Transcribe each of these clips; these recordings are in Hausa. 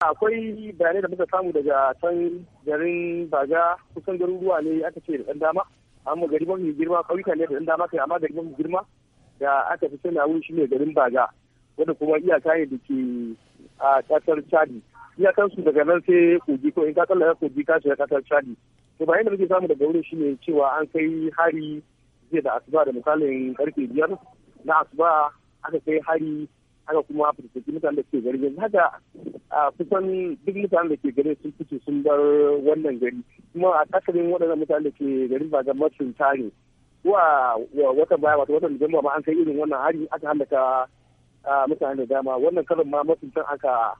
akwai bayanai da muka samu daga can garin baga kusan garuruwa ne aka ce da ɗan dama amma gari mafi girma ƙauyuka ne da ɗan dama kai amma gari mafi girma da aka fi sani wuri shine garin baga wanda kuma iyaka ne da ke a ƙasar chadi iyakan su daga nan sai kogi ko in ka tsallaka kogi ka shiga ƙasar chadi to bayan da muke samu daga wurin shine cewa an kai hari jiya da asuba da misalin karfe biyar na asuba aka kai hari haka kuma fitattaki mutane da ke gari yanzu haka a kusan duk mutane da ke gari sun fice sun bar wannan gari kuma a kasarin waɗannan mutane da ke gari ba ga masun tare zuwa watan baya wata watan Disamba ma an kai irin wannan hari aka halaka mutane da dama wannan karin ma masun aka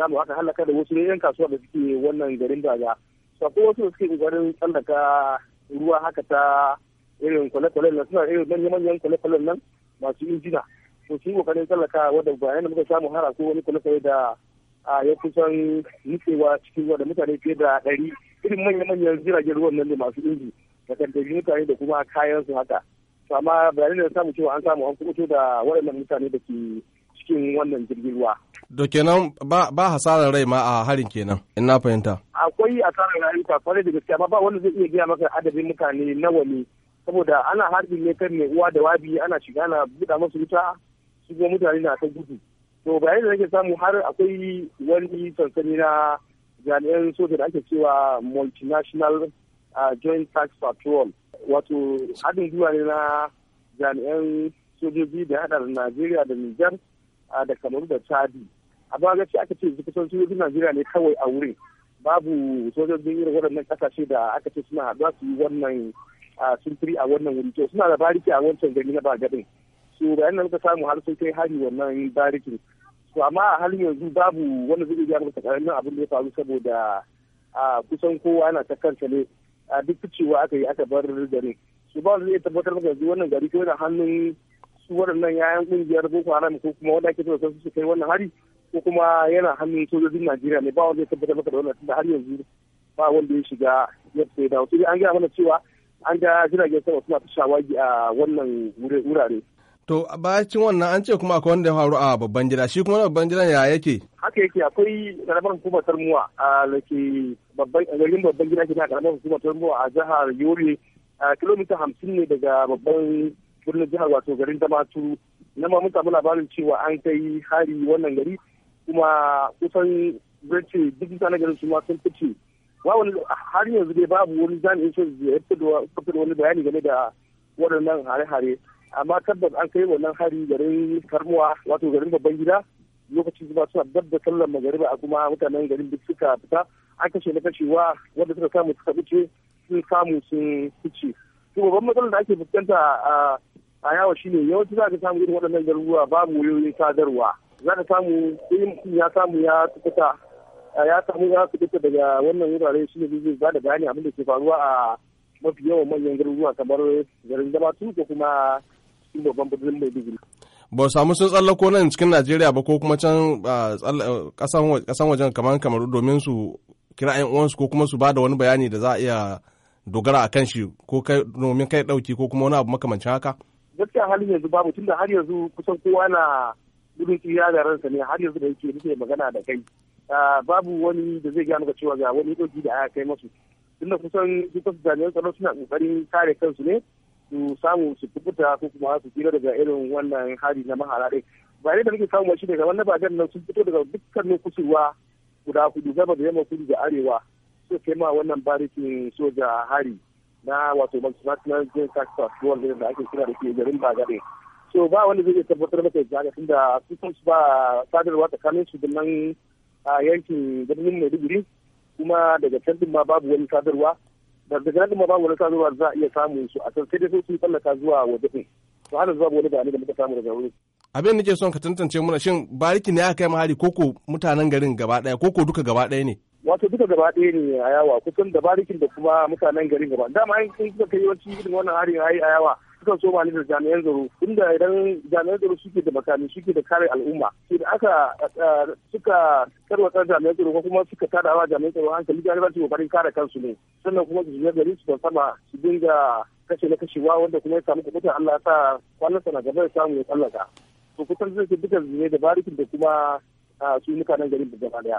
samu aka halaka da wasu yan kasuwa da suke wannan garin daga su akwai wasu suke kokarin tsallaka ruwa haka ta irin kwale kwale nan suna irin manyan kwale kwale nan masu injina to shi kokarin tsallaka wadda ba da muka samu hara ko wani kulakai da a ya kusan nutsewa cikin wadda mutane fiye da ɗari irin manya-manyan jiragen ruwan nan ne masu inji da kantarin mutane da kuma kayan su haka to amma bayanan da samu cewa an samu an kuɓuto da waɗannan mutane da ke cikin wannan jirgin ruwa. Da kenan ba, ba hasarar rai ma a harin kenan in na fahimta. Akwai hasarar rayuka kwarai da gaskiya amma ba wanda zai iya gaya maka adadin mutane nawa ne saboda ana harbi ne kan mai uwa da wabi ana shiga na buɗa masu wuta shigo mutane na ta gudu to ba da nake samu har akwai wani sansani na jami'an soja da ake cewa multinational ah, joint tax patrol wato haɗin gwiwa ne na jami'an sojoji da haɗa da najeriya da nijar ah, da kamaru da chadi a ba gaci aka ce su kusan sojojin najeriya ne kawai a wurin babu sojojin irin waɗannan ƙasashe da aka ce suna haɗuwa su yi wannan ah, sintiri a wannan wuri to suna da bariki a wancan gari na bagaɗin so bayan da ka samu har sun kai hari wannan barikin to amma a halin yanzu babu wani zai iya maka karamin abin da ya faru saboda a kusan kowa na ta kanta ne a duk cewa aka yi aka bar garin su ba wanda zai tabbatar maka yanzu wannan gari ko yana hannun su waɗannan yayan kungiyar boko haram ko kuma wanda ake tabbata su kai wannan hari ko kuma yana hannun sojojin najeriya ne ba wanda ya tabbatar maka da wannan tunda har yanzu ba wanda ya shiga ya sai an gaya mana cewa an ga jiragen sama suna ta shawagi a wannan wurare To bakin wannan an ce kuma akwai wanda ya faru a babban gida shi kuma babban gidan ya yake? Haka yake akwai karamar hukumar Tarmuwa a lake babban garin babban gida ke na karamar hukumar Tarmuwa a jihar a kilomita hamsin ne daga babban birnin jihar wato garin damatu Na ma mun samu labarin cewa an kai hari wannan gari kuma kusan zance duk mutane garin su ma sun fice. Ba wani har yanzu dai babu wani jami'in sun ya fito da wani bayani game da waɗannan hare-hare. amma tabbas an kai wannan hari garin karmuwa wato garin babban gida lokacin zuba suna dab da sallar magariba a kuma mutanen garin duk suka fita an kashe na kashewa wanda suka samu suka fice sun samu sun fice to babban matsalar da ake fuskanta a yawa shine yawanci za ka samu irin waɗannan garuruwa babu wayoyin sadarwa za ka samu sai mutum ya samu ya tukuta ya samu ya tukuta daga wannan wurare shine zai ba da bayani abin da ke faruwa a mafi yawan manyan garuruwa kamar garin zama ko kuma babban birnin Maiduguri. Ba samu sun tsallako nan cikin Najeriya ba ko kuma can kasan wajen kamar kamaru domin su kira ‘yan uwansu ko kuma su ba da wani bayani da za a iya dogara a kan shi ko kai domin kai ɗauki ko kuma wani abu makamancin haka? Gaskiya halin yanzu babu tun da har yanzu kusan kowa na gudun tsira da ransa ne har yanzu da yake nake magana da kai. Babu wani da zai gano cewa ga wani ɗauki da aka kai masu. Tunda kusan dukkan su jami'an tsaro suna ƙoƙarin kare kansu ne su samu su kubuta ko kuma su jira daga irin wannan hari na mahara ɗin ne da nake samu shi ne kamar ba nan sun fito daga dukkanin kusurwa guda kudu gaba da yamma kudu da arewa su kai ma wannan barikin soja hari na wato multinational joint tax force da ake kira da ke garin bagade so ba wanda zai tabbatar maka ya haka tunda su kansu ba sadarwa tsakanin su da nan a yankin birnin maiduguri kuma daga can ma babu wani sadarwa daga nan ma babu wani sadarwa za a iya samun su a can sai dai sun su tsallaka zuwa waje ɗin to har zuwa wani bayani da muka samu daga wurin abin nake son ka tantance muna shin bariki ne aka kai mahari koko mutanen garin gaba ɗaya koko duka gaba ɗaya ne wato duka gaba ɗaya ne a yawa kusan da barikin da kuma mutanen garin gaba dama in kuka kai yawanci irin wannan harin a yawa suka so mali da jami'an tsaro inda idan jami'an tsaro suke da makami suke da kare al'umma sai da aka suka tarwata jami'an tsaro ko kuma suka tada wa jami'an tsaro hankali jami'an su kokarin kare kansu ne sannan kuma su shiga gari su sama su dinga kashe na kashewa wanda kuma ya samu kuɗin Allah sa kwanan sana gaba ya samu ya tsallaka to kusan zai duka zai da barikin da kuma su mutanen garin da gaba daya